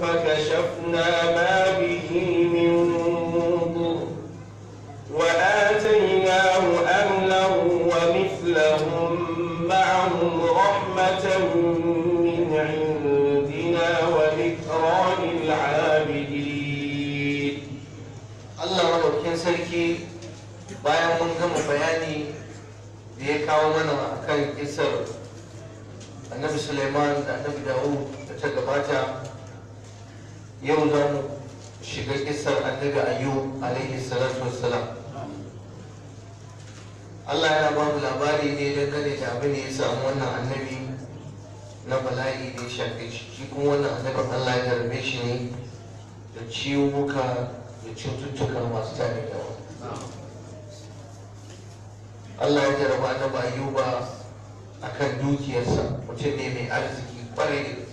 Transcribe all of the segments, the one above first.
فكشفنا ما به من ضر وآتيناه أهله ومثلهم معهم رحمة من عندنا وذكرى للعابدين الله ربك سركي bayan mun gama bayani da ya kawo mana akan kisar annabi suleiman da annabi dawo da ta gabata yau za mu shiga kisar annabi ayyub alaihi salatu wassalam Allah ya ba mu labari ne dangane da abin ya samu wannan annabi na bala'i da ya shafe shi shi kuma wannan annabin Allah ya tarbe shi ne da ciwuka da cututtuka masu tare da Allah ya jarraba annabi ayyuba akan dukiyarsa mutum ne mai arziki kwarai da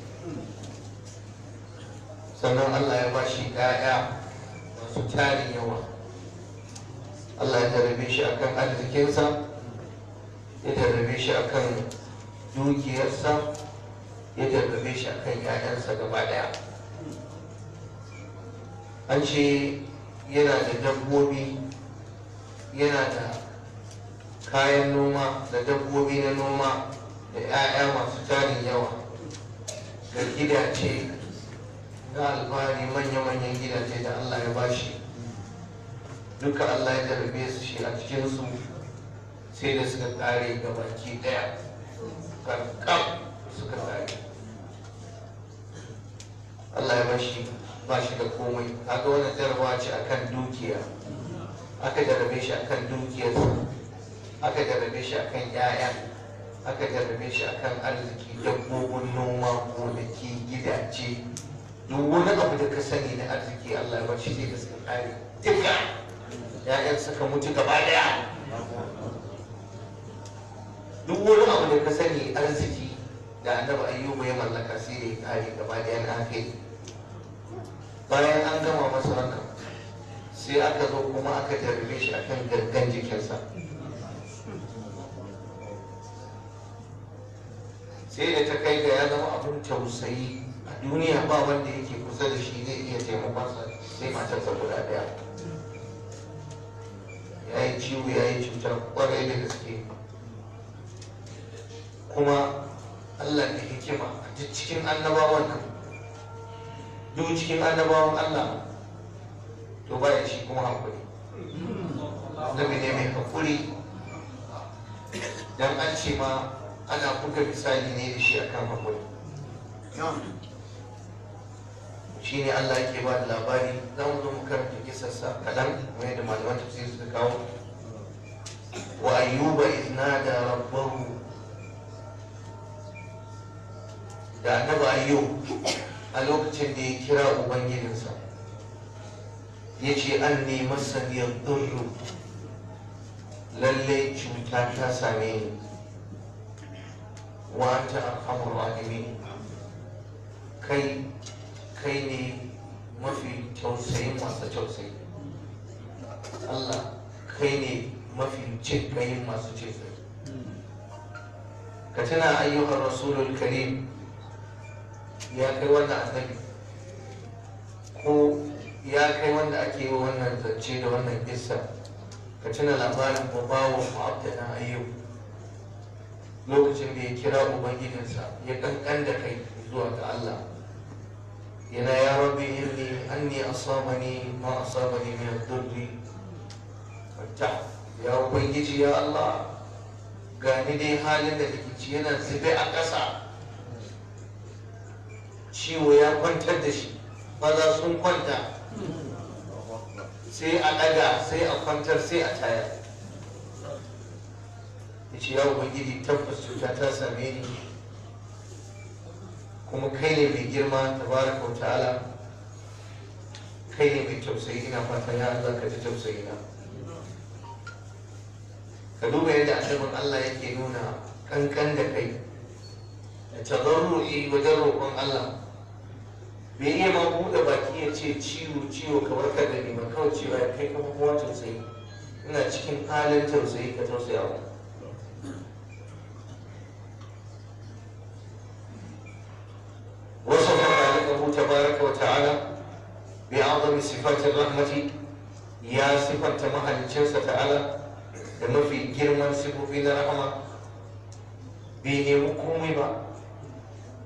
sannan Allah ya ba shi ƴaƴa masu tarin yawa Allah ya tarbe shi akan arzikinsa ya tarbe shi akan dukiyarsa ya tarbe shi akan ƴaƴansa gaba ɗaya an ce yana da dabbobi yana da kayan noma da dabbobi na noma da ƴaƴa masu tarin yawa da gidace na alfahari manya-manyan gidaje da Allah ya bashi duka Allah ya jarabe su shi a cikinsu sai da suka kare ga baki daya kakkam suka kare Allah ya bashi bashi da komai Haka wani jarabawa ce akan dukiya aka jarabe shi akan dukiyarsa aka jarabe shi akan 'ya'ya aka jarabe shi akan arziki dabbobin noma gonaki gidaje duk wani abu da ka sani na arziki Allah ya shi ne da suka kare duka ya'yan suka mutu gaba daya duk wani abu da ka sani arziki da annabi ayyuba ya mallaka sai da ya kare gaba daya na hafi bayan an gama masa wannan sai aka zo kuma aka tarbe shi akan gangan jikinsa sai da ta kai ga ya zama abin tausayi duniya ba wanda yake kusa da shi zai iya taimakonsa sai matarsa guda daya ya yi ciwo ya yi cuta kwarai da gaske kuma allah da hikima a duk cikin annabawan nan duk cikin annabawan allah to baya shi kuma hankuri annabi ne mai hankuri dan an ce ma ana buga misali ne da shi akan hankuri shine Allah yake ba da labari za mu zo mu karanta kisarsa kaɗan kamar da malaman tafsiri suka kawo wa ayyuba iznada rabbahu da annabi ayyub a lokacin da ya kira ubangijinsa ya ce an ne masaniyar ɗurru lallai cuta ta same ni wa ta arhamur kai kai ne mafi tausayin masu tausayi Allah kai ne mafi cin kayin masu cin ka tuna ayyukan rasulul karim ya kai wanda annabi ko ya kai wanda ake yi wannan zance da wannan kissa ka tuna labarin babawa na ayyub lokacin da ya kira ubangijinsa ya kankan da kai zuwa ga Allah yana ya rabbi irni anni asabani ma asabani min ad-durri ya ubangiji ya Allah gani dai halin da rikici yana zube a ƙasa ciwo ya kwantar da shi maza sun kwanta sai a ɗaga sai a kwantar sai a tayar ya ce ya ubangiji tabbas cuta ta same ni kuma kai ne mai girma tabaraka wa ala. kai ne mai tausayi ina fata ya Allah ka ji tausayi na ka duba yadda annabin Allah yake nuna kankan da kai da tazarru'i wajen roƙon Allah bai iya ma buɗe baki ya ce ciwo ciwo kamar ka gani ba kawai cewa kai kuma kuma tausayi ina cikin halin tausayi ka tausaya wa sifatin rahmati ya sifanta mahaliccinsa ta'ala da mafi girman sifofi na rahama bai nemi komai ba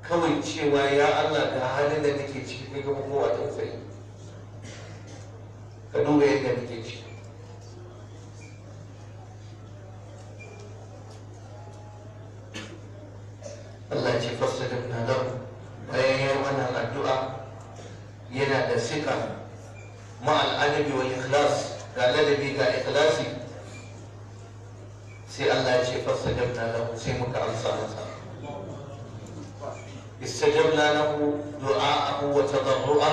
kawai cewa ya Allah da halin da nake ciki kai kuma kowa ta tsaye ka duba yadda nake ciki tadarru'a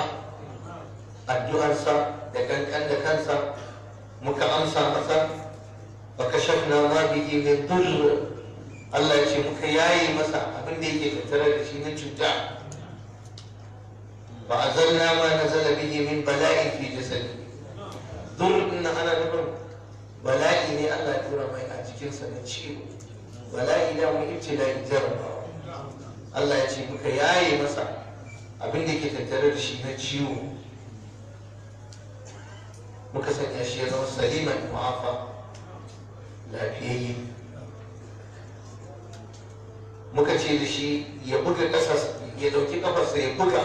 addu'arsa da kankan da kansa muka amsa masa wa kashafna ma bihi min durr Allah ya ce muka yaye masa abin da yake tattare da shi na cuta ba a zanna ma na zala bihi min bala'i fi jasadi durr din na ana nufin bala'i ne Allah ya tura mai a jikinsa na ciwo bala'i da mu ibtila'i jarabawa Allah ya ce muka yaye masa abin da ke tattare da shi na ciwo muka sanya shi ya zama saliman mu'afa lafiyayye muka ce da shi ya buga ƙasa ya ɗauki ƙafarsa ya buga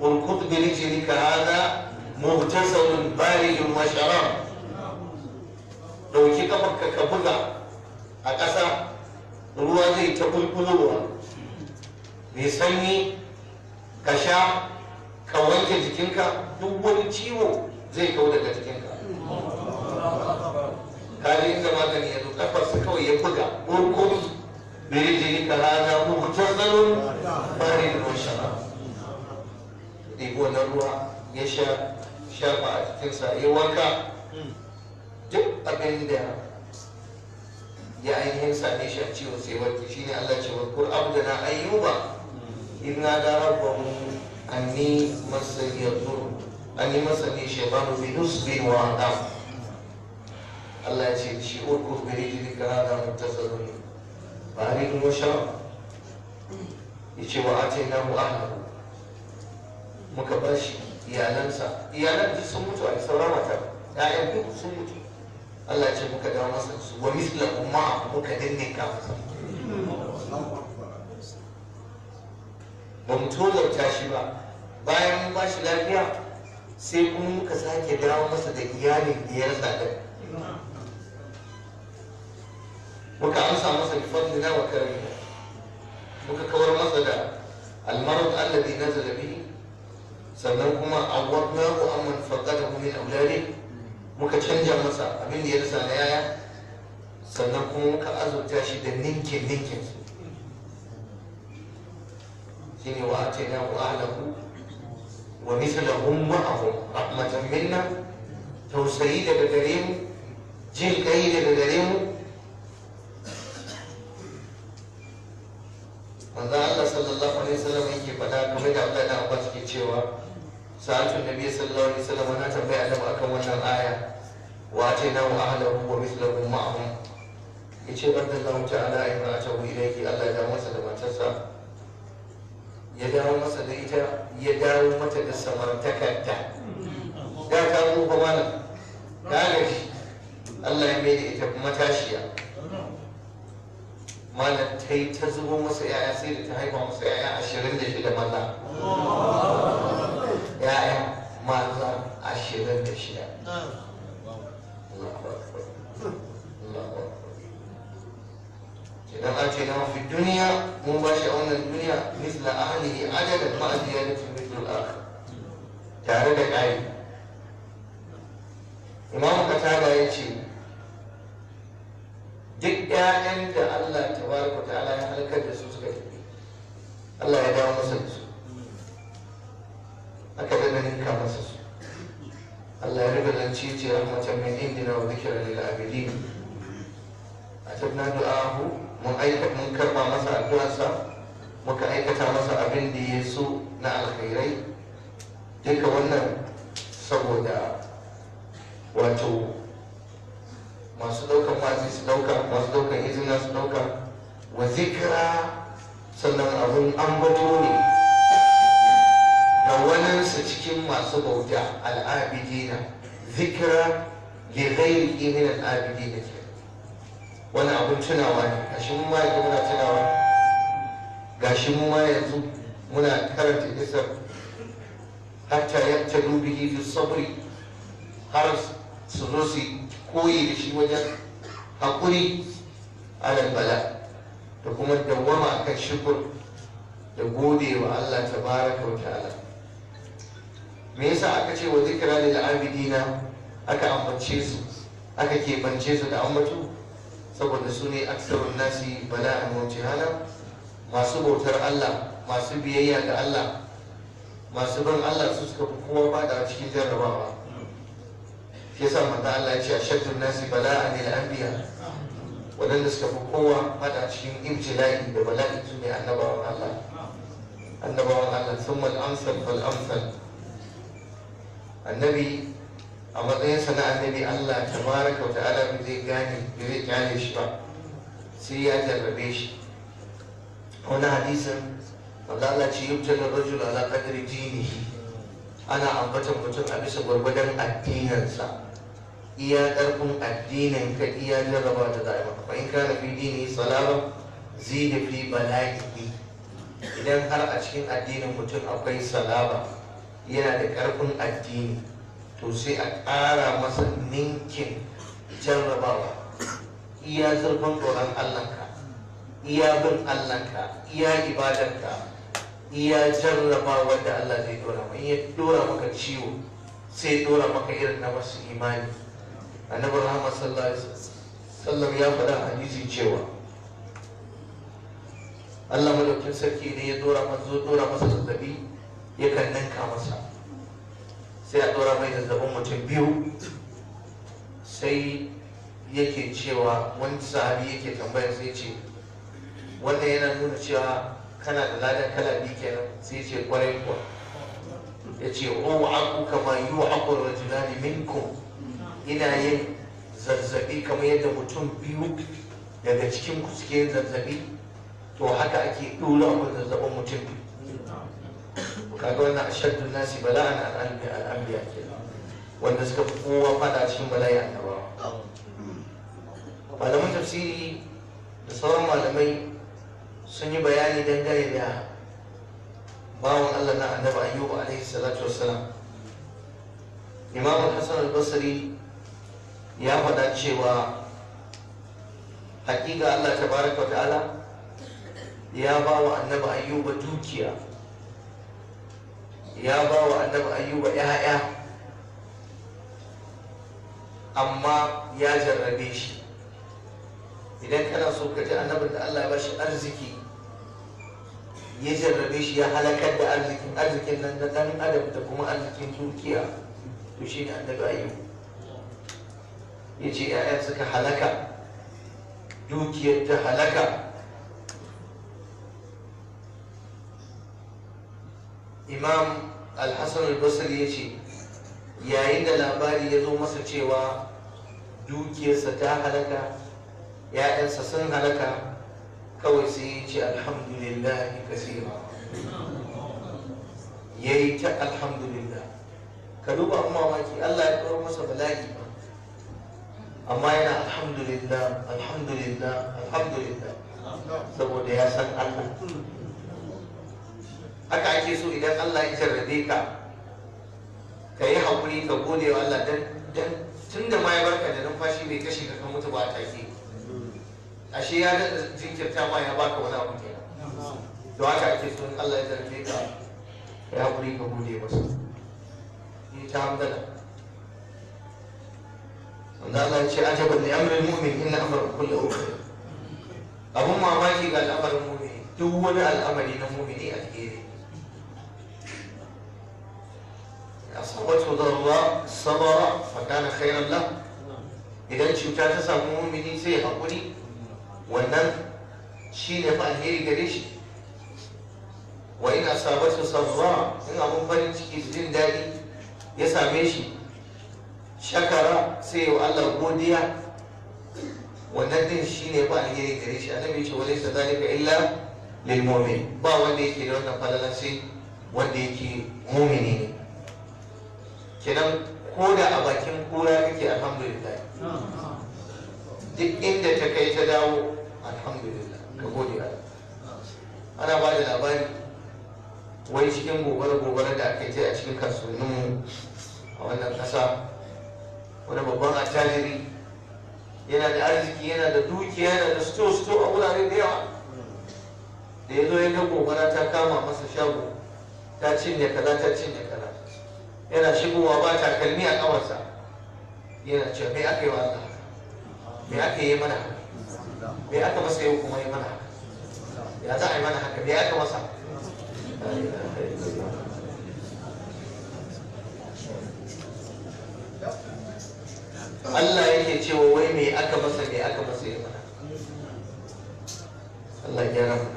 da urkut bi rijlika hada muhtasalun baridun wa sharab ɗauki ƙafarka ka buga a ƙasa ruwa zai ta bulbulowa mai sanyi ka sha ka wanke jikinka duk wani ciwo zai kau daga jikinka kaji inda magani ya zo kafarsa kawai ya buga gurguri da jini ka haza muhtar tsaron bari da ruwan shara ɗigo na ruwa ya sha shafa a jikinsa ya wanka duk abin da ya ainihin same shi a ciwon sai warke shine Allah ce wa qur'an da na ayyuba إذ نادى ربه أني مسني الضر أني مسني الشيطان بنصب وعذاب الله يجزيك شيء اركض برجلك هذا متصل بارد وشراب يجي وآتيناه أهله muka bar shi iyalansa iyalan duk sun mutu a sauran wata ya'yan duk sun mutu Allah ce muka dawo masa su wa misla umma muka danne kafin ba mu tozarta shi ba bayan mun ba shi lafiya sai kuma muka sake dawo masa da iyalin diyarsa da. muka amsa masa da bi fadlina wa karimina muka kawar masa da almarad alladhi nazala bihi sannan kuma awwadnahu amman faqadahu min awladi muka canja masa abin da ya rasa na yaya sannan kuma muka azurta shi da ninkin ninkin shine wa atina wa ahlahu wa mithlahum ma'ahum rahmatan minna tausayi daga gare mu jin kai daga gare mu manzo Allah sallallahu alaihi wasallam yake faɗa kamar da Allah da Abbas ke cewa sa'atun nabi sallallahu alaihi wasallam na tambaya annabi akan wannan aya wa atina wa ahlahu wa mithlahum ma'ahum yace radallahu ta'ala imra'atahu ilayhi Allah ya masa da matarsa ya dawo masa da ita ya dawo mata da samartakarta ya kawo ba mana ta shi Allah ya mai da ita matashiya malam ta yi ta zubo masa yaya sai da ta haifa masa yaya ashirin da shida maza yaya maza ashirin da shida dan an ce lahu fi duniya mun ba shi a wannan duniya misla ahlihi adadan ma ziyadatu mithlul akhir tare da ƙari imam qatada ya ce duk ƴaƴan da Allah tabaraka ta'ala ya halkar da su suka tafi Allah ya dawo masa da su aka dada ninka masa su Allah ya riga nan ce rahmatan min indina wa dhikra lil abidin atabna du'ahu mun mun karba masa addu'arsa muka aikata masa abin da ya so na alkhairai duka wannan saboda wato masu ɗaukar masu su ɗauka masu ɗaukar izina su ɗauka wa zikira sannan abin ambato ne ga su cikin masu bauta al'abidina zikira li ghairi min al'abidina ke wani abun tunawa ne gashi mu ma yanzu muna tunawa gashi mu ma yanzu muna karanta isar hatta yacce rubihi fi sabri har su zo su koyi da shi wajen hakuri alal bala da kuma dawwama kan shukur da gode wa Allah tabaraka wa ta'ala me yasa aka ce wa zikra lil abidina aka ambace su aka keɓance su da ambatu saboda su ne aksarun nasi bala'an wa jihana masu bautar Allah masu biyayya ga Allah masu ban Allah su suka fi kowa bada cikin jarrabawa shi sa manzo Allah ya ce ashaddun nasi bala'an ne anbiya wadanda suka fi kowa bada cikin ibtila'i da bala'i su ne annabawan Allah annabawan Allah summa al-amsal fal-amsal annabi a matsayinsa na annabi Allah ta wa ta'ala ba zai gane zai kyale shi ba sai ya jarrabe shi wani hadisin wanda Allah ce yubtar rajul ala qadri dinihi ana ambatan mutum a bisa gwargwadon addinansa, iya ƙarfin addinin ka iya jarraba da za'a maka in kana fi dini salama zai da fi bala'i idan har a cikin addinin mutum akwai salama yana da ƙarfin addini to sai a ƙara masa ninkin jarrabawa iya zurfin tsoron allahnka iya bin allahnka iya ibadanka iya jarrabawa da allah zai dora ma iya dora maka ciwo sai dora maka irin na masu imani annabi rahama sallallahu ya faɗa hadisi cewa Allah madaukin sarki ne ya dora manzo dora masa zazzabi yakan ninka masa sai a ɗora mai zazzabin mutum biyu sai yake cewa wani sahabi yake tambaya sai ce wannan yana nuna cewa kana da ladan kala biyu kenan sai ce kwarai kuwa ya ce o aku kama yi wa aku rajulani minkum ina yin zazzabi kamar yadda mutum biyu daga cikin ku suke zazzabi to haka ake ɗora wa zazzabin mutum biyu kaga wannan ashaddun nasi bala'an al'ambiya ke wanda suka fi kowa fada cikin bala'i annabawa malaman tafsiri da sauran malamai sun yi bayani dangane da bawan Allah na annabi ayyubu alaihi salatu wassalam imam hassan al-basri ya faɗa cewa haƙiƙa Allah ta wa ta'ala ya ba wa annabi ayyuba dukiya ya ba wa annabi ayyuba ya'ya amma ya jarrabe shi idan kana so ka ji annabin da Allah ya bashi arziki ya jarrabe shi ya halakar da arzikin arzikin nan na dan adam da kuma arzikin dukiya to shi ne annabi ayyuba ya ce 'ya'ya suka halaka dukiyar ta halaka imam al-hassan al-basri ya ce yayin da labari ya zo masa cewa dukiyarsa ta halaka ‘ya'yansa sun halaka kawai sai ya ce alhamdulillah kasira ya yi ta alhamdulillah ka duba mamaki Allah ya kawo masa bala'i amma yana alhamdulillah alhamdulillah alhamdulillah saboda ya san Allah haka ake so idan Allah ya jarrabe ka ka yi haƙuri ka gode wa Allah dan tun da ma ya barka da numfashi mai kashe ka kan mutu ba ta ke ashe ya jinkirta ma ya baka wani abu kenan to haka ake so in Allah ya jarrabe ka ka yi haƙuri ka gode wa su ni ta hamdala wanda Allah ya ce ajaban li amrul mu'min inna amrahu kullahu khair abun mamaki ga al'amarin mu'mini duk wani al'amari na mu'mini alheri أصابته ضراء صبر فكان خيرا له idan cuta ta samu mumini sai ya haƙuri wannan shi ne fa alheri gare shi wa ina sabatu sabba in abun farin ciki jin daɗi ya same shi shakara sai wa Allah godiya wannan din shi ne fa alheri gare shi annabi ya ce wa laysa zalika illa lil mu'min ba wanda yake da wannan falala sai wanda yake mummini. ne kenan ko da a bakin kura kake alhamdulillah duk inda ta kai ta dawo alhamdulillah ka gode ana ba da labari wai cikin gobara-gobara da aka yi a cikin kasuwannin a wannan ƙasa wani babban attajiri yana da arziki yana da dukiya yana da sto-sto a wurare da yawa da ya zo ya ga gobara ta kama masa shago ta cinye kaza ta cinye yana shigowa ba takalmi a kawarsa yana cewa me aka yi wa Allah me aka yi mana me aka masa yau kuma yi mana ya za a yi mana haka me aka masa Allah yake cewa wai me aka masa me aka masa yi mana Allah ya rahama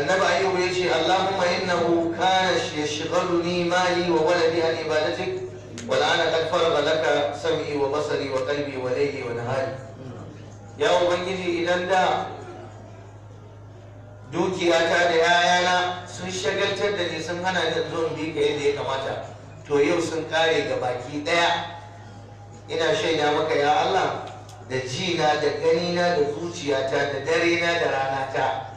annabi ayyub ya ce allahumma innahu kana yashghaluni mali wa waladi an ibadatik wa ana qad faragha laka sam'i wa basari wa qalbi wa layli wa nahari ya ubangiji idan da dukiyata da yayana sun shagaltar da ni sun hana ni zo in bi ka yadda ya kamata to yau sun kare ga baki daya ina shaida maka ya Allah da jina da ganina da zuciyata da darena da ranata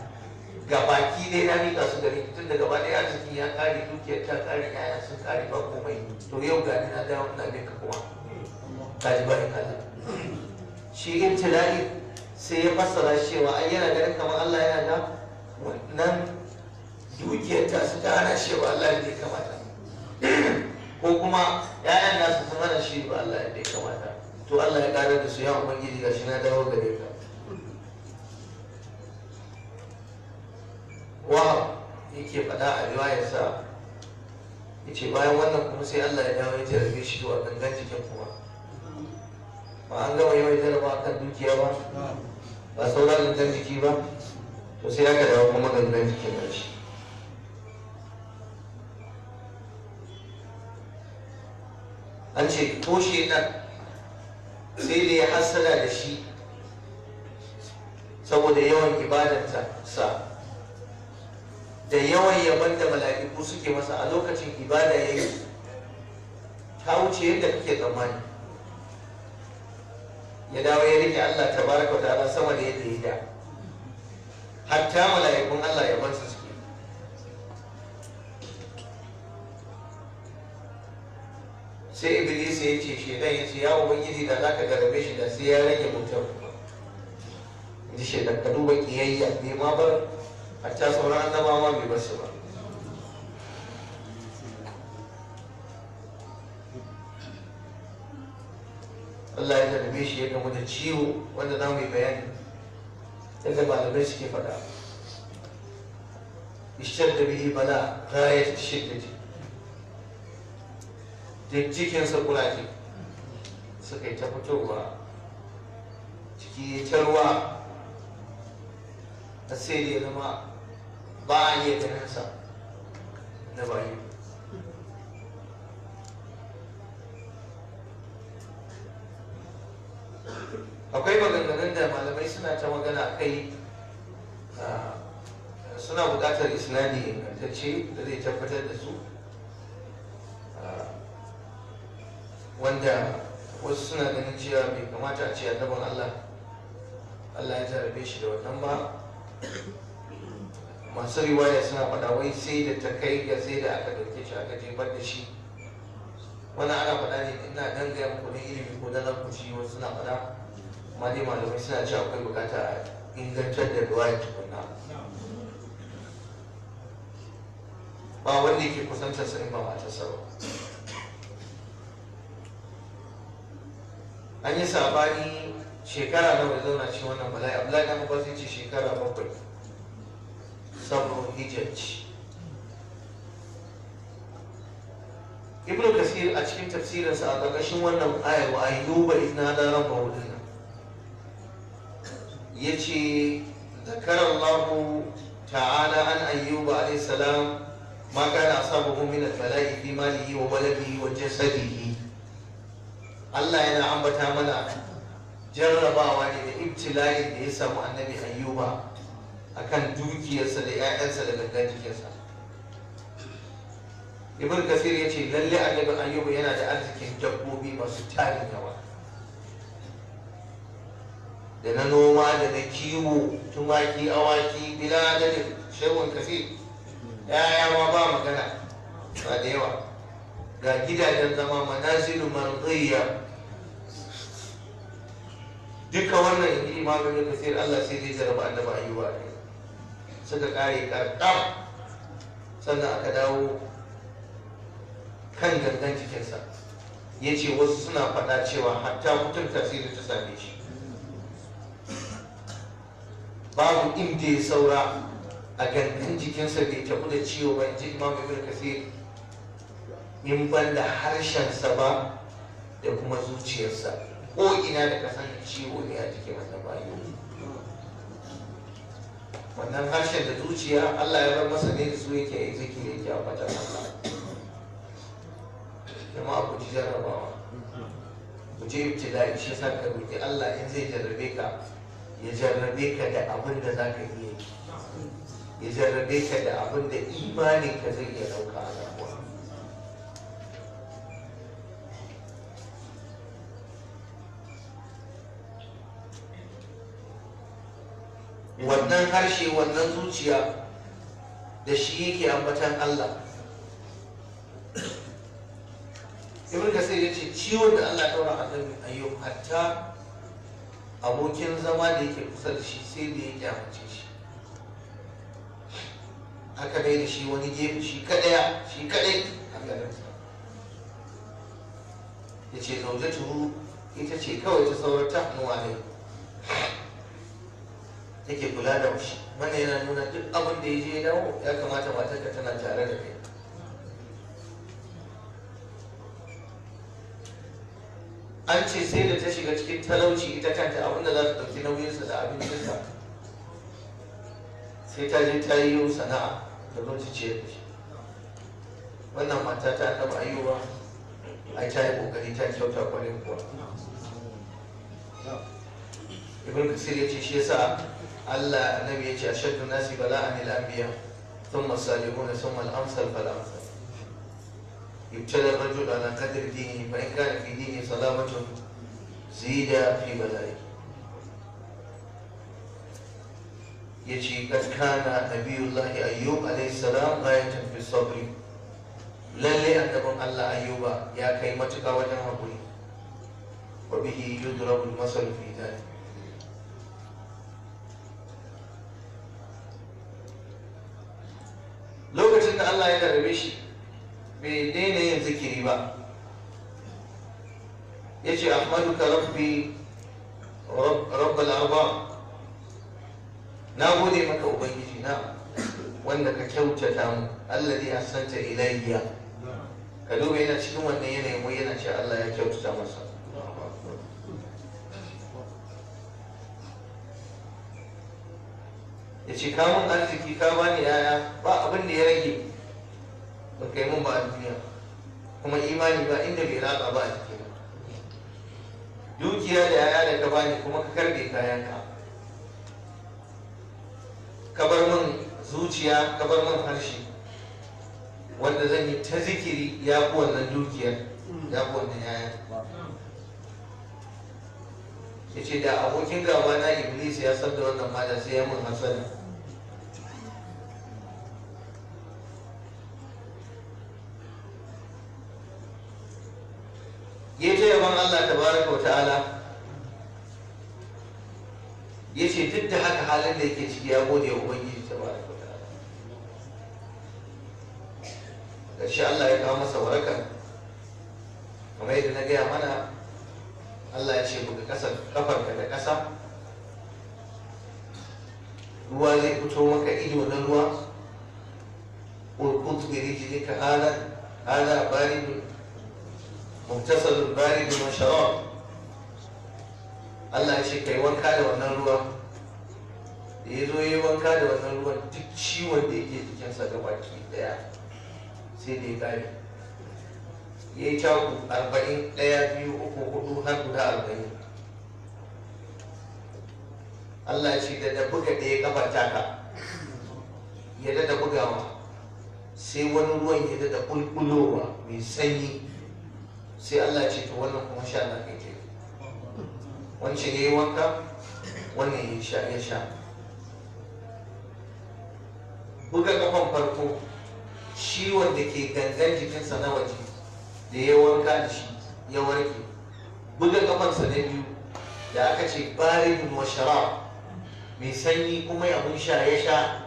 gabaki ɗaya ya miƙa su gari tun da gaba ɗaya arziki ya ƙare dukiyar ta ƙare yaya sun ƙare ba komai to yau gani na dawo ina bin ka kuma ka ji bayan Allah shi ibtila'i sai ya fassara cewa an yana ganin kamar Allah yana da wannan dukiyar ta su ta hana shi ba Allah da ya kamata ko kuma ya'yan nasu sun hana shi ba Allah da ya kamata to Allah ya ƙara da su ya ga shi na dawo gare ka wa yake faɗa a riwayarsa ya ce bayan wannan kuma sai Allah ya dawo ya jarabe shi zuwa gangan ganjikin kuma ba an gama yawan jaraba kan dukiya ba ba sauran gangan jiki ba to sai aka dawo kuma gangan jikin ƙarshe an ce toshe nan sai da ya hassala da shi saboda yawan ibadarsa sa da yawan yaban da mala'iku suke masa a lokacin ibada ya yi ta wuce yadda kake tsammani ya dawo ya rike Allah ta baraka ala sama da yadda ya da hatta mala'ikun Allah ya bansa suke sai iblis ya ce shedan ya ce ya ubangiji da zaka garabe shi da sai ya rage mutum ji da ka duba kiyayya bai ma bar hatta sauran annabawa bai bar su ba Allah ya zarbe shi ya gamu da ciwo wanda za mu yi bayani yadda malamai suke faɗa ishtar da bihi bala gayat shiddati jikjikinsa kuraje ba a iya ganin sa na akwai maganganun da malamai suna ta magana kai suna bukatar isnadi ingantacce da zai tabbatar da su wanda wasu suna ganin cewa bai kamata a ce annabin Allah Allah ya jarabe shi da wannan ba masu riwaya suna faɗa wai sai da ta kai ga sai da aka ɗauke shi aka jefar da shi wani ana faɗa ne ina dangaya gaya muku na ilimi ko na lankuci wasu suna faɗa amma dai malamai suna cewa akwai bukata a ingantar da riwaya tukunna ba wanda yake kusantar sa in ba matarsa ba an yi sabani shekara nawa zauna ce wannan bala'i abdullahi la'i abbas ya ce shekara bakwai sabru hijaj kasir a cikin tafsirinsa a ƙarƙashin wannan aya wa ayyuba idh nada rabbahu dina yace zakara allah ta'ala an ayyuba alayhi salam ما كان أصابه من البلاء في ماله Allah yana الله mana jarrabawa بتعمل جرب وعلي ابتلاء ليس مع النبي أيوبا akan dukiyarsa da 'ya'yansa da gangan jikinsa ibn kasir ya ce lalle gaban ayyubu yana da arzikin dabbobi masu tarin yawa da na noma da na kiwo tumaki awaki bila da shawon kasir ma ba magana ba da yawa ga gidajen zama manasilu marziya duka wannan in ji imamu ibn kasir Allah sai zai jarraba annaba ayyuba ne suka kare karkam sannan aka dawo kan gangan cikinsa ya ce wasu suna faɗa cewa hatta mutum tasiri ta same shi babu inda ya saura a gangan jikinsa bai tafi da ciwo ba in ji imam ibn kasir in ban da harshensa ba da kuma zuciyarsa ko ina da kasan ciwo ne a jikin wannan bayan wannan harshen da zuciya Allah ya bar masa ne da su yake yi zikiri ne a fatan Allah jama'a ku ji jarrabawa ku je da shi sa ka roki Allah in zai jarrabe ka ya jarrabe ka da abin da za ka iya yi ya jarrabe ka da abin da imanin ka zai iya ɗauka wannan harshe wannan zuciya da shi yake ambatan Allah ibn kasir ya ce ciwon da Allah ɗaura a kan ayyub hatta abokin zama da yake kusa da shi sai da ya kyamace shi aka dai da shi wani gefe shi kadaya shi kadai a garinsa ya ce zaujatu ita ce kawai ta saurata nuwa ne take kula da shi wannan yana nuna duk abin da ya je dawo ya kamata matarka tana tare da kai an ce sai da ta shiga cikin talauci ita kanta abinda za ta ɗauki nauyinsa da abincinsa sai ta je ta yi yau sana'a da zo ciyar da shi wannan mata ta taɓa ayyuwa ai ta yi ƙoƙari ta kyauta kwarin kuwa ibn kasir ya ce shi yasa Allah annabi ya ce a shaddun nasi bala'an al'ambiya sun masalihuna sun mal'amsal fal'amsal yubtada rajul ala qadri dini fa in kana fi dini salamatun zida fi bala'i yace kad kana nabiyullahi ayyub alayhi salam ayatan fi sabri lalle annabin Allah ayyuba ya kai matuka wajen haƙuri wa bihi Allah ya karbe shi bai daina yin zikiri ba ya ce ka rabbi rabbal arba na gode maka ubangiji na wanda ka kyautata mu allazi ahsanta ilayya ka duba yana cikin wannan yanayin mu yana ce Allah ya kyautata masa ya ce kamun arziki ka bani yaya ba abin da ya rage ba kai mun ba a duniya kuma imani ba inda bai raka ba a jikina dukiya da yaya da ka bani kuma ka karbe kayanka ka bar min zuciya ka bar min harshe wanda zan yi ta zikiri ya fi wannan dukiyar ya fi wannan yayan ya ce da abokin gaba na iblis ya sabda da wannan mata sai ya mun hasana ikon Allah tabaraka wa ta'ala ya ce duk da haka halin da yake ciki ya gode wa ubangiji tabaraka wa ta'ala ƙarshe Allah ya kawo masa waraka kamar yadda na gaya mana Allah ya ce buga ƙasar kafarka da ƙasa ruwa zai fito maka ido na ruwa urkut bi ka hada hada baridun muktasar bari da masharar Allah ya ce yi wanka da wannan ruwa da ya zo ya wanka da wannan ruwan duk ciwon da yake jikinsa da baki daya sai da ya kare ya yi taku arba'in daya biyu uku hudu har guda arba'in Allah ce da da buga ya kafa taka ya da bugawa sai wani ruwan ya da kulkulowa mai sanyi sai Allah ce to wannan kuma sha na kai wancan ya yi wanka wannan ya sha ya sha buga kafan farko ciwon da ke gangan jikinsa na waje da ya wanka da shi ya warke buga kafansa na biyu da aka ce baridun wa mai sanyi kuma ya sha ya sha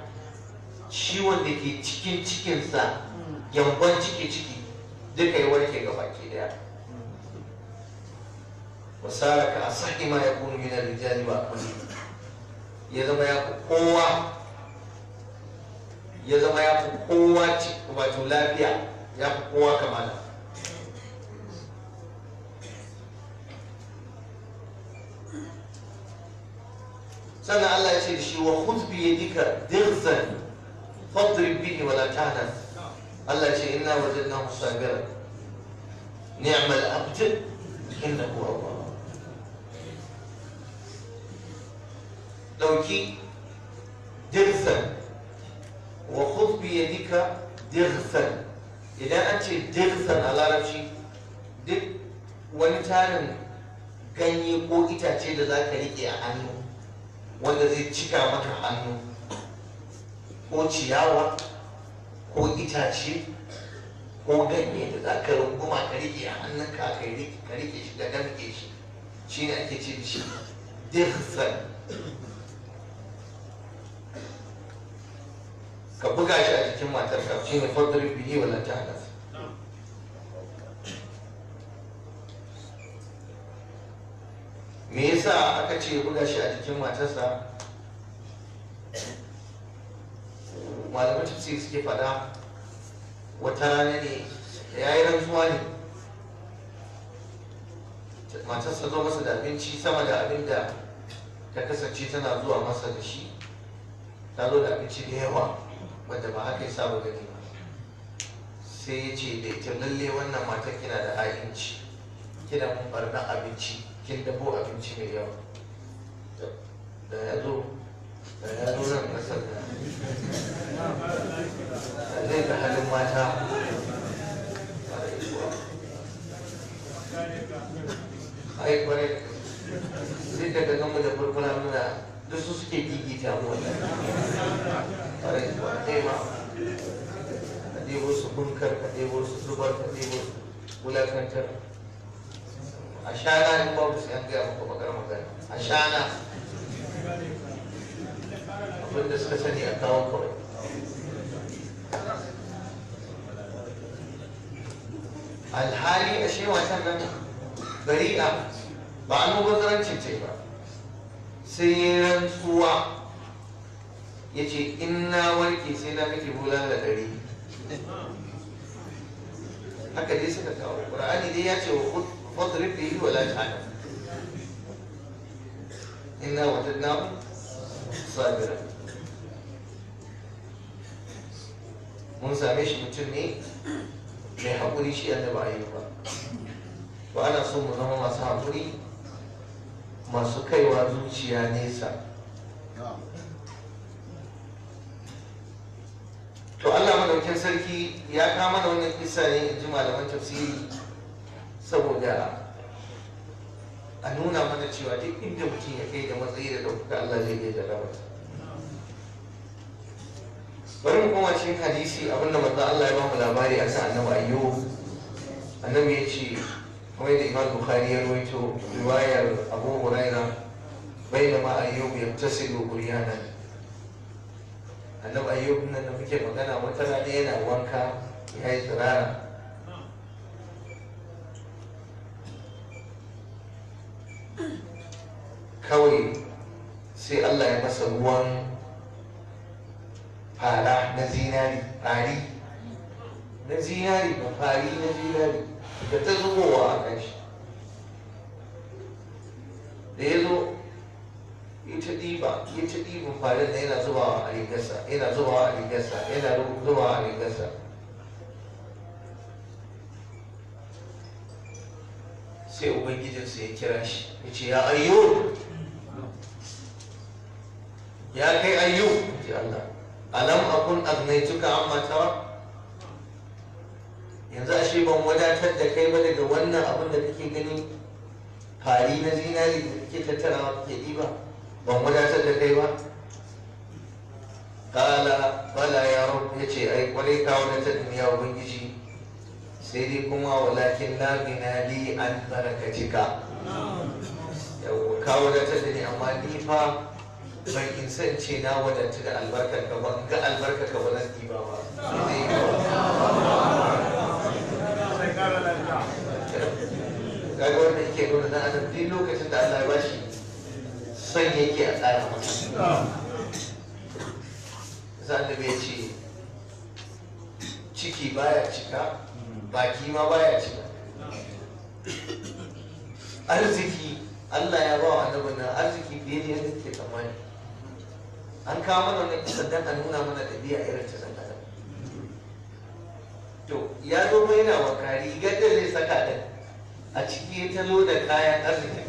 ciwon da ke cikin cikinsa gyambon ciki ciki duka ya warke gaba ke daya ka a وسار كأصح ما يكون من ba والأنثى ya zama ya fi kowa ya zama ya fi kowa wato lafiya ya fi kowa kamala sannan Allah ya ce da shi wa huzbi ya dika dirzan fadrib bihi wala tahnan Allah ya ce inna wajadnahu sabiran ni'mal abd innahu awwab ɗauki dirsan wa dika yadika dirsan idan an ce dirsan a larabci duk wani tarin ganye ko itace da za ka riƙe a hannu wanda zai cika maka hannu ko ciyawa ko itace ko ganye da za ka runguma ka riƙe a hannunka ka riƙe shi da damke shi shi ne ake ce shi dirsan ka buga shi a jikin matar ka. shi ne fadarin biyu wala ta hadas me yasa aka ce buga shi a jikin matarsa malamin tafsir suke fada wata rana ne ya yi rantsuwa ne matarsa zo masa da abinci sama da abin da ta kasance tana zuwa masa da shi ta zo da abinci da yawa wadda ba haka ya saba gani ba sai ya ce da ita lalle wannan matan kina da ayinci kina mun barna abinci kin dabo abinci mai yawa da ya zo da ya zo nan kasar da zai ga halin mata ai kwarai sai daga gama da farkon nuna duk su suke gigita mu wannan kwarai a ɗaya su bunkar ka ɗebo su zubar ka ɗebo su wulakantar a shana in babu sai gaya muku bakar magana a shana abinda suka sani a kawo kawai alhali a shewa nan gari'a ba almubazzaranci ce ba sai rantsuwa ya ce in na warke sai na kake bula da ɗari haka dai suka kawo ƙura'ani dai ya ce wa fadrib da yi wala ina wata wajadnahu sabira mun same shi mutum ne mai haƙuri shi yadda ba a yi ba ba ana so mu zama masu haƙuri masu kaiwa zuciya nesa to Allah madaukin sarki ya kama da wannan kisa ne in ji malaman tafsiri saboda a nuna mana cewa duk inda mutum ya kai da matsayi da dauka Allah zai iya jarraba bari mu koma cikin hadisi abinda manzo Allah ya ba mu labari a sa annabi ayyo annabi ya ce kamar da Imam Bukhari ya rawaito riwayar Abu Hurairah bainama ayyub yabtasilu annabi ayyub nan da muke magana wata rana yana wanka ya yi tsirara kawai sai Allah ya masa ruwan fara na zinari fari na zinari ba fari na zinari da ta zubowa a kan shi da ya zo Ita ta ɗiba ya ta ɗiba farin da yana zubawa a rigarsa yana zubawa a rigarsa yana zubawa a rigarsa sai ubangijinsa ya kira shi ya ce ya ayyo ya kai ayyo ji Allah alam akun tuka amma tara yanzu ashe ban wadatar da kai ba daga wannan abin da kake gani fari na zinari da kake tattara kake ba. ban wadatar da kai ba kala bala ya rabu ce ai kwarai ka wadatar da ya ubangiji sai dai kuma walakin na li an cika Yau ka wadatar da ni amma ni fa ban san ce na wadatar da albarkar ka ba ga albarkar ka ba zan ba ba kaga wanda ke nuna na adam duk lokacin da Allah ya bashi son yake a tsarin mutum ah. zan ya ce ciki baya cika baki ma baya cika arziki Allah ya ba wa annabin nan arziki fiye da yadda ke tsammani an kawo mana wannan kisan dan a nuna mana ɗabi'a irin ta dan to ya zo mai yana wanka rigar da zai saka din a ciki ya talo da kayan arziki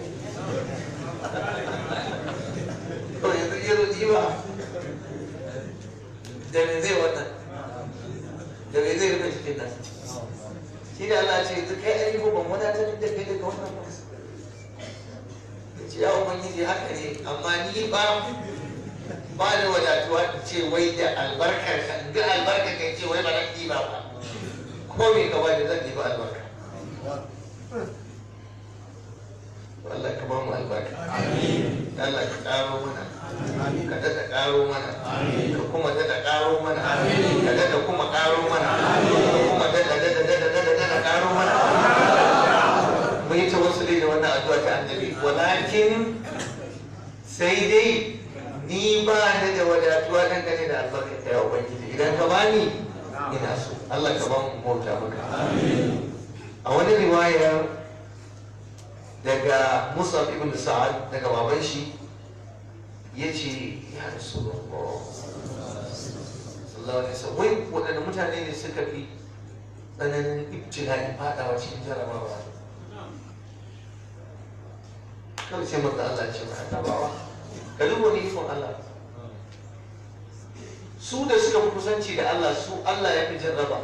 giwa da me zai wannan da zai rufe cikin nan shi da Allah ce duk kai an yi ko ban wadatar da kai daga wannan ba ce ya ubangiji haka ne amma ni ba ba da wadatuwa ce wai da albarkar ka ga albarkar kai wai ba na ba ko ka ba albarka Allah ka ba Amin. Allah ka mana ka daɗa ƙaro mana ka kuma daɗa ƙaro mana ka daɗa kuma ƙaro mana ka kuma daɗa daɗa daɗa daɗa daɗa ƙaro mana mun yi tawassuli da wannan addu'a ta annabi walakin sai dai ni ba ni da wadatuwa dangane da albarkar ta yawon idan ka bani ina so Allah ka ba mu bauta maka a wani riwayar daga Musab ibn Sa'ad daga baban shi ya ce ya rasu Allah wai waɗanda mutane ne suka fi tsananin ibtila'i faɗawa cikin jarabawa kawai sai manzo Allah ce ba tabawa ka duba ne ikon Allah su da suka fi kusanci da Allah su Allah ya fi jarraba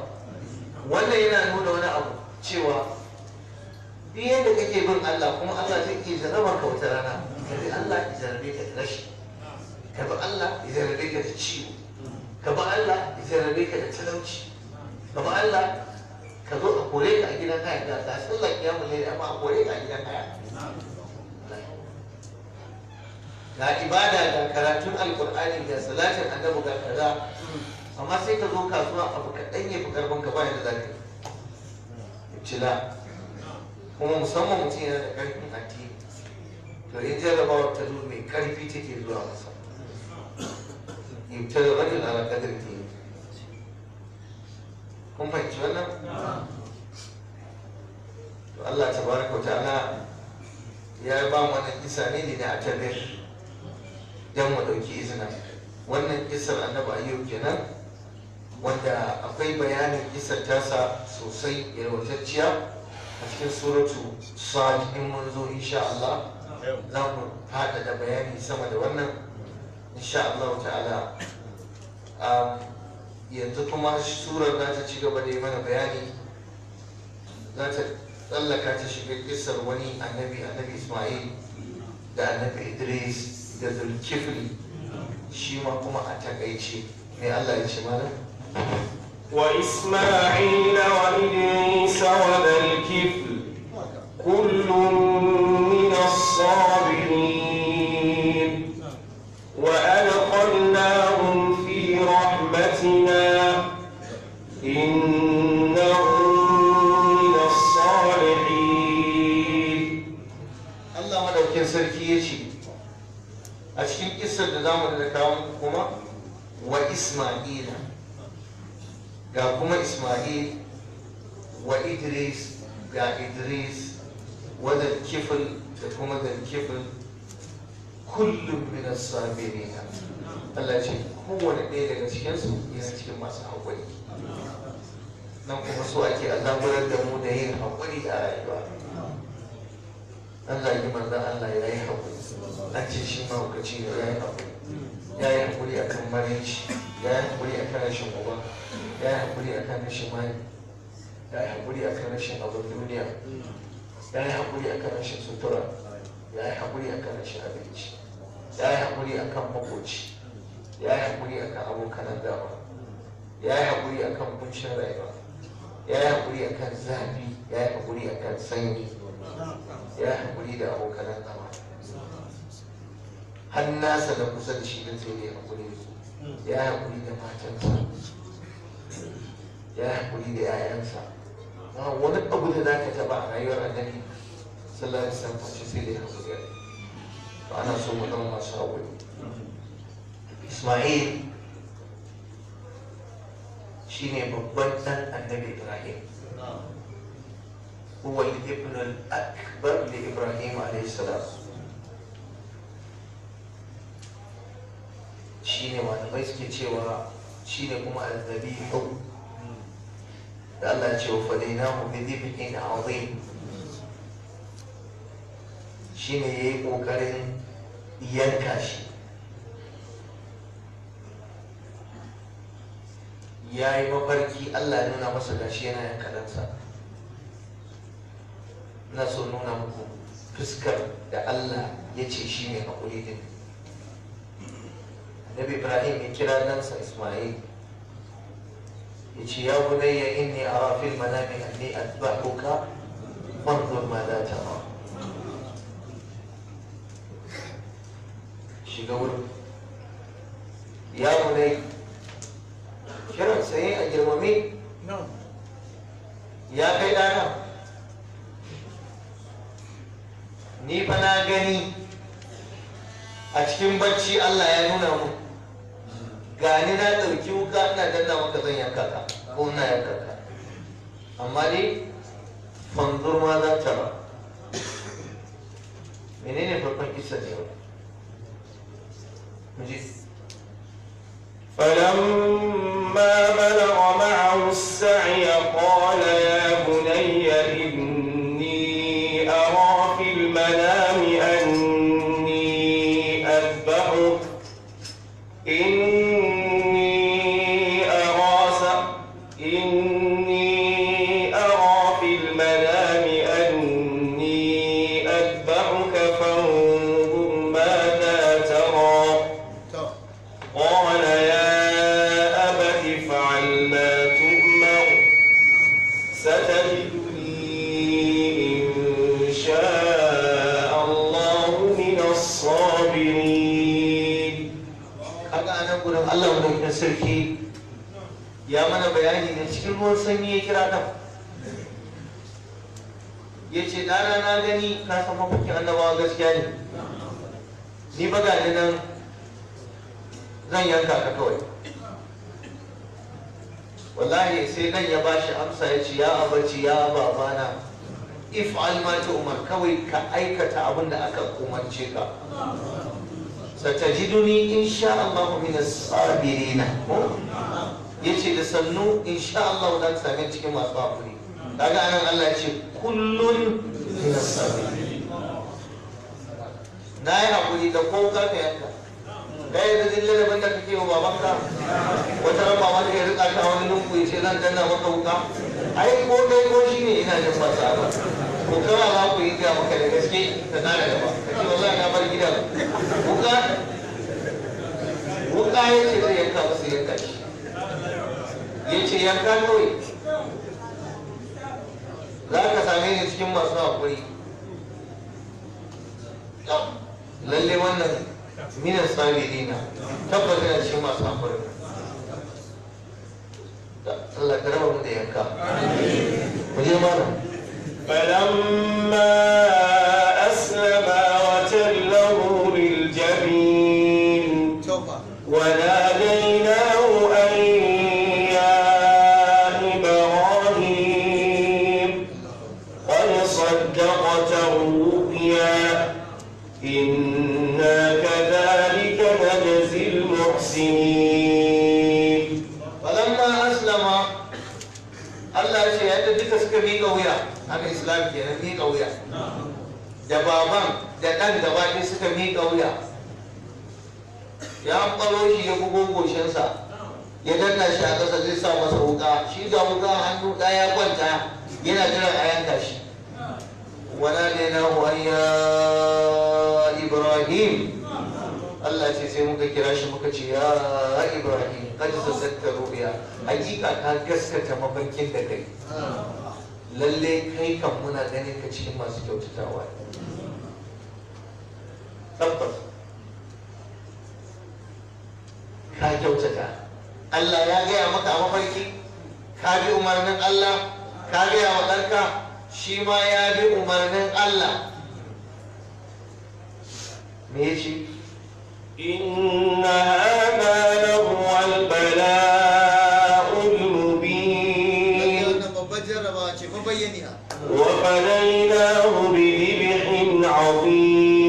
wannan yana nuna wani abu cewa duk yadda kake bin Allah kuma Allah zai iya jarraba ka wata rana sai Allah ya jarrabe ka da rashi ka bi Allah ya zarrabe ka da ciwo ka bi Allah ya zarrabe ka da talauci ka bi Allah ka zo a kore ka a gidan haya da ta sallar mu ne amma a kore ka a gidan kaya. ga ibada ga karatun alkur'ani ga salatin adabu ga kaza amma sai ka zo kasuwa abu kaɗan ya fi karfin ka bayan da za ka kuma musamman mutum yana da ƙarfin addini to in jarrabawar ta zo mai ƙarfi take zuwa masa يبتلي الرجل على قدر دينه kun fahimci wannan? to Allah ta baraka wa ya ba mu wannan kisa ne da a tabir don mu ɗauki izina wannan kisar annabi ayyub kenan wanda akwai bayanin kisar tasa sosai yalwatacciya a cikin suratu sa'ad in mun zo insha Allah za mu faɗaɗa bayani sama da wannan insha Allah ta'ala yanzu kuma surar za ta ci gaba da yi mana bayani za ta tsallaka ta shiga kisar wani annabi annabi ismail da annabi idris da zulkifli shi ma kuma a takaice mai allah ya ce mana وإسماعيل وإدريس وذا الكفل كل من الصابرين zamu da kawo muku kuma wa isma'ila ga kuma isma'il wa idris ga idris wa kifin, da kuma kifin kullum min as-sabirin Allah ce kowane ɗaya daga cikinsu yana cikin masu haƙuri nan kuma so ake azaburar da mu da yin haƙuri a rayuwa Allah yi manzan Allah ya yi haƙuri an ce shi mahaukaci ya yi haƙuri ya yi haƙuri a kan marinci ya yi haƙuri a kan rashin uba ya yi haƙuri a kan rashin mani ya yi haƙuri a kan rashin abin duniya ya yi haƙuri a kan rashin sutura ya yi haƙuri a kan rashin abinci ya yi haƙuri a kan makoci ya yi haƙuri a kan abokan zama ya yi haƙuri a kan buncin rayuwa ya yi haƙuri a kan zafi ya yi haƙuri a kan sanyi ya yi haƙuri da abokan zama har nasa na kusa da shi na zai ne a gurin ya haƙuri da matansa ya haƙuri da 'ya'yansa wani abu da za ka taɓa a rayuwar annabi sallallahu alaihi wasallam face sai da ya haƙuri ba ana so mu zama masu haƙuri isma'il shine babban ɗan annabi ibrahim هو الابن الأكبر لإبراهيم عليه السلام shine malamai suke cewa shine kuma alzabi. hau da Allah ya ce wa fadainahu bi dhibhin azim shine yi kokarin yanka shi ya yi mafarki Allah ya nuna masa gashi yana yanka ɗansa na so nuna muku fuskar da Allah ya ce shi ne a din نبي ابراهيم يكرا ننسى اسماعيل يجي يا بني اني ارى في المنام اني اذبحك فانظر ماذا ترى ايش يقول؟ يا بني شنو سيء اجر نعم يا بيلانا ني بنا غني اشكم بچي الله يا نونا مو gani na ɗauki wuka ina danna maka zan yanka ka ko ina yanka ka amma dai fanzur ma za ta ba menene farkon kisa ne ba mu ji فلما بلغ معه السعي قال يا بني ruwan sanyi ya kira ta ya ce ɗana na gani na san mafarkin annabawa gaskiya ne ni ba gani nan zan yanka ka kawai wallahi sai dan ya bashi amsa ya ce ya abaci ya babana if almata umar kawai ka aikata abin da aka umarce ka in insha Allah mu minas sabirina ya ce da sannu insha Allah za ka same cikin masu haƙuri daga anan Allah ya ce kullun na yi haƙuri da ko karka yanka ɗaya da zille da banda kake wa babanka wata ran wata ya rika ta wani lungu ya ce zan danna maka wuka ai ko kai ko shi ne ina jin masa ba ko kana ba ku yi ga maka da gaske ta tsara gaba kace wallahi na bar gidan wuka wuka ya ce zai yanka masa yanka shi ya ce kawai za ka same ni cikin masu haƙuri lalle wannan minan dina, tabbatar yana cikin masu haƙuri Allah ka raba mu da yanka mu mana baban da ɗan da baƙi suka miƙa wuya ya ɓaro shi ya bugo goshinsa ya danna shi a ƙasa zai sa masa wuƙa shi ga wuƙa hannu ɗaya kwanta yana jiran a yanka shi wana ne na ya ibrahim Allah ce sai muka kira shi muka ce ya ibrahim kada su zakka rubiya hakika ka gaskata mafarkin da kai lalle kai kan muna ganin ka cikin masu kyautatawa shi ma ya bi umarnin Allah me ya ce inna hama lahu wal bala'ul mubin wa falainahu bi dhibhin 'azim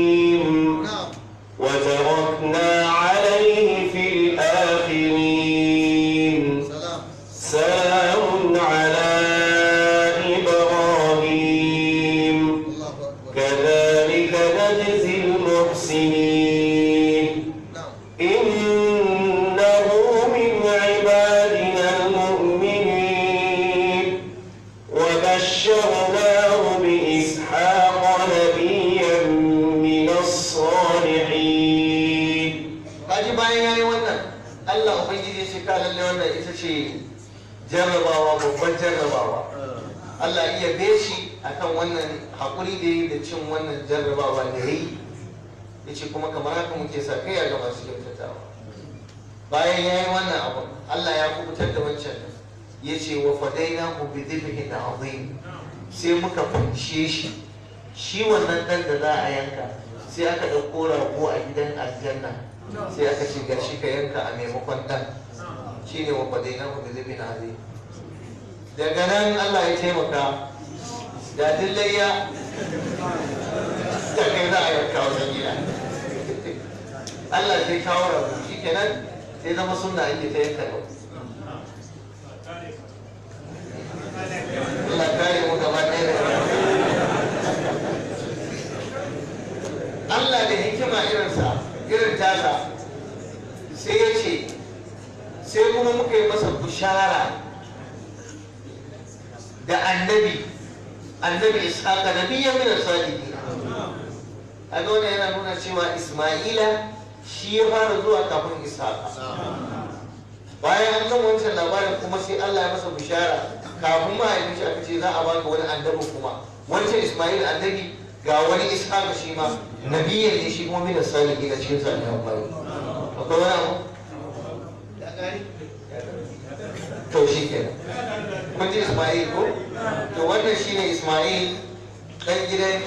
ce kuma kamar haka muke sa kai ga masu kyautatawa bayan ya yi wannan abu Allah ya kubutar da wancan ya ce, wa fadaina hu bi da azim sai muka kunshe shi shi wannan dan da za a yanka sai aka dauko rago a gidan aljanna sai aka ce shi ka yanka a maimakon dan Shi ne wa na hu bi dhibhin azim daga nan Allah ya taimaka da dillayya da kai za a yanka wajen gida Allah zai kawo rauni shi kenan sai zama suna inda ta yi rauni Allah kare mu gaba ɗaya da Allah da hikima irinsa irin tasa sai ya ce sai kuma muka yi masa bushara da annabi annabi ishaqa na biyan minar sadiqin a ne yana nuna cewa isma'ila shi ya fara zuwa kafin isa. bayan an gama wancan labarin kuma sai Allah ya masa bishara kafin mahaifin shi aka ce za a ba ka wani annabi kuma wancan Isma'il annabi ga wani ishaqa shi ma nabiyin ne shi kuma mina salihin na cikin salihan bayi akwai wani abu to shi kenan kun ji Isma'il ko to wannan shine Isma'il dan gidan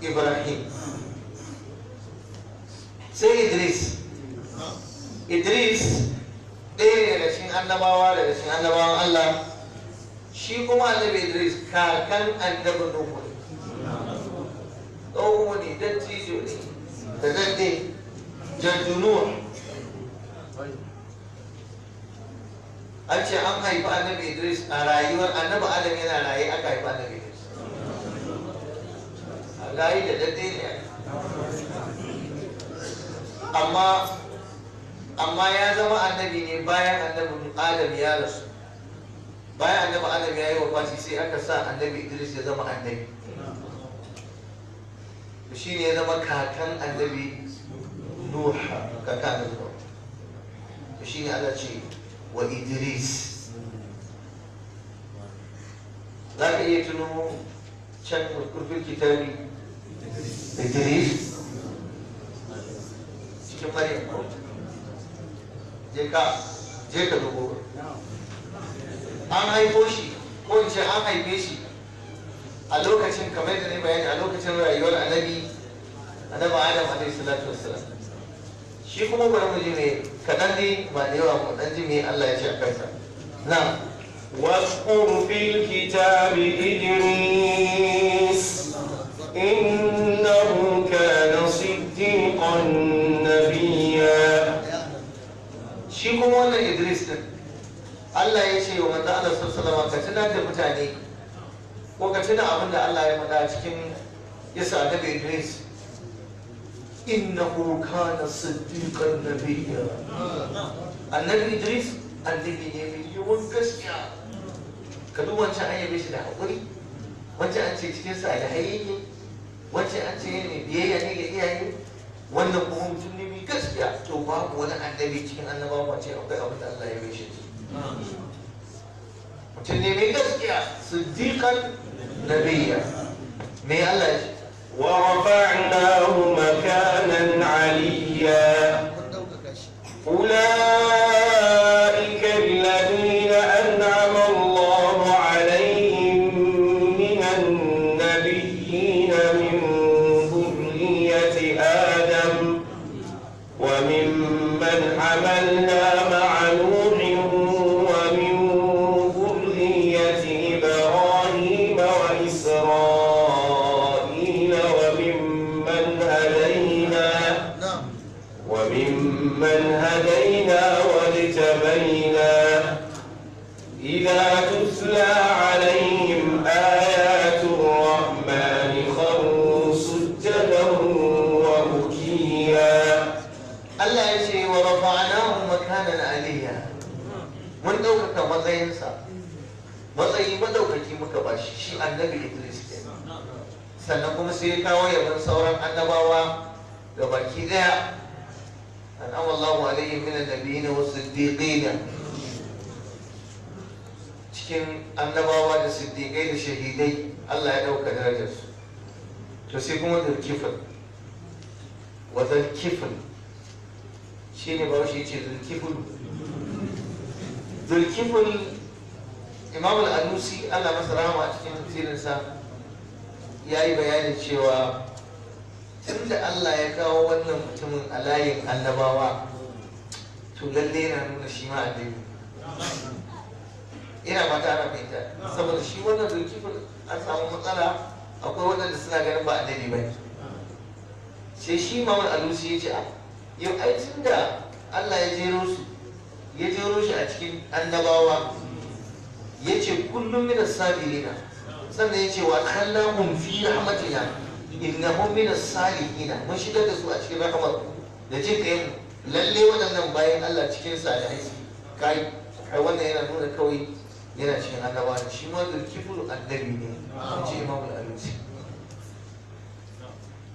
Ibrahim sai idris idris ɗaya ne daga cikin annabawa daga cikin annabawan allah shi kuma annabi idris kakan annabi nuhu ne tsoho ne dattijo ne da dadde jaddunuwa an ce an haifi annabi idris a rayuwar annabi adam yana raye aka haifi annabi idris a rayu da daɗe ne amma amma ya zama annabi ne bayan annabi adam ya rasu bayan annabi adam ya yi wa fashi sai aka sa annabi idris ya zama annabi shi ne ya zama kakan annabi nuha kakan annabi shi ne ana ce wa idris za ka iya tuno can kurfin kitabi idris je ka dubo an haifo shi ko in ce an haife shi a lokacin kamar da ne bayani a lokacin rayuwar annabi annabi adam alaihi salatu wassalam shi kuma gwamnati ne ji me kadan ne ba da yawa mu dan ji Allah ya ce a kansa na واذكر في الكتاب إدريس إن kuma wannan Idris din Allah ya ce wa manzo Allah sallallahu alaihi wasallam ka tuna da mutane ko ka tuna abin da Allah ya faɗa cikin yasa annabi Idris innahu kana siddiqan nabiyya annabi Idris annabi ne mai yawan gaskiya ka duk wancan an yabe shi da haƙuri wancan an ce cikin sa da hayyi wancan an ce ne biyayya ne ga iyaye wannan buhun zunubi gaskiya to babu wani annabi cikin annaba ba ce akwai abin da Allah ya rushe shi mutum ne mai gaskiya siddiqan nabiyya me Allah ya wa rafa'nahu makanan aliyya ulai sannan kuma sai ya kawo yabon sauran annabawa ga baki daya an amallahu alaihi min annabiyina wa siddiqina cikin annabawa da siddiqai da shahidai Allah ya dauka darajar su to sai kuma zulkifin wa zulkifin ne ba shi ce zulkifin zulkifin imam al-anusi Allah masa rahama a cikin sa. ya yi bayani cewa tun da Allah ya kawo wannan mutumin a layin annabawa to lalle yana nuna shi ma annabi ina mata ana fahimta saboda shi wannan zulkifin an samu matsala akwai waɗanda suna ganin ba daidai ba ne sai shi ma wani alusi ya ce ah, yau ai tun da Allah ya jero su ya jero shi a cikin annabawa ya ce kullum mina sabirina sannan ya ce wa kallahum fi rahmatina innahum min as-salihina mun shigar da su a cikin rahmar da jin kai lalle waɗannan bayan Allah cikin salihai kai kai wannan yana nuna kawai yana cikin annaba shi ma zulkiflu annabi ne a ce imamu al-alusi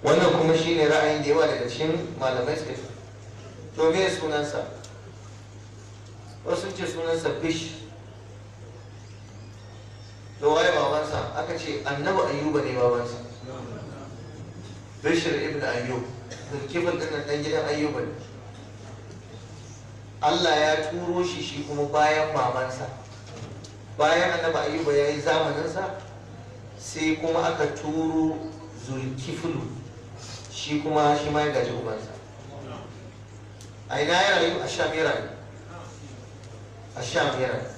wannan kuma shine ra'ayin da yawa daga cikin malamai suka to me sunansa wasu ce sunansa fish Da waye babansa aka ce annabi ayyuba ne babansa bishir ibn ayyub zulkifil din dan gidan ayyuba ne Allah ya turo shi shi kuma bayan babansa bayan annabi ayyuba ya yi zamaninsa sai kuma aka turo zulkifilu shi kuma shi ma ya gaji ubansa a ina ya rayu a sham ya rayu a sham ya rayu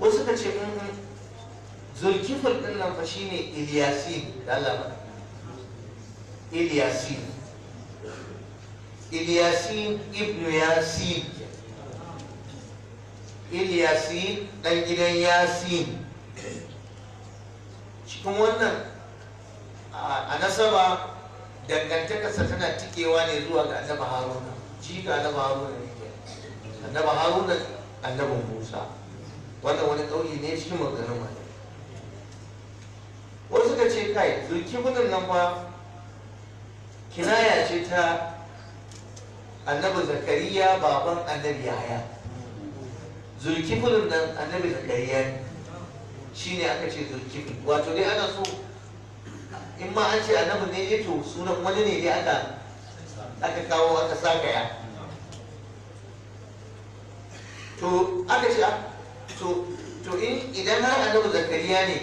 wasu ka ce mm, mm, zulkifil din nan fa shine Iliyasin da Allah ba Iliyasin Iliyasin ibnu Yasin Iliyasin dan gidan Yasin cikin wannan a nasaba dangantakarsa tana tikewa ne zuwa ga annaba Haruna ji ga Haruna ne annaba Haruna annabin Musa wannan wani ƙauli ne cikin maganin wani. wasu suka ce kai zulkifunan nan ba kinaya ce ta annabi zakariya baban annabi yahaya zulkifunan nan annabi zakariya shi ne aka ce Zulki. wato dai ana so in ma an ce annabi ne ya eh to sunan wani ne dai aka aka kawo aka sakaya to aka ce ah, to to in idan har annabi zakariya ne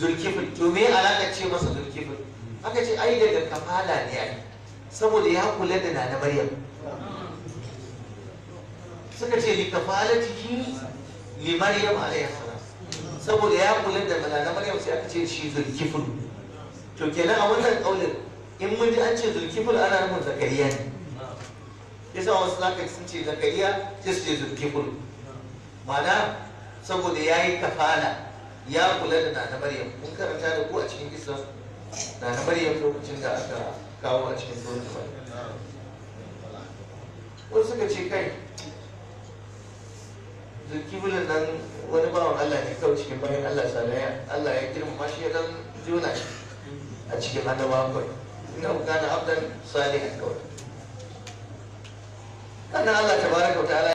zulkifil to me alaka ce masa zulkifil aka ce ai daga kafala ne ai saboda ya kula da nana maryam suka ce li kafalatihi li maryam alayha salam saboda ya kula da nana maryam sai aka ce shi zulkifil to kenan a wannan kaulin in mun ji an ce zulkifil ana nufin zakariya ne yasa wasu zaka sun ce zakariya sai su ce zulkifil ma'ana saboda ya yi kafala ya kula da nana maryam mun karanta da ku a cikin islam nana maryam lokacin da aka kawo a cikin tsohon wani suka ce kai wuli nan wani bawan allah ne kawai cikin bayan allah salaya allah ya girmama shi ya dan juna shi a cikin annabawan kawai ina kana abdan salihan kawai kana allah tabaraka wa ta'ala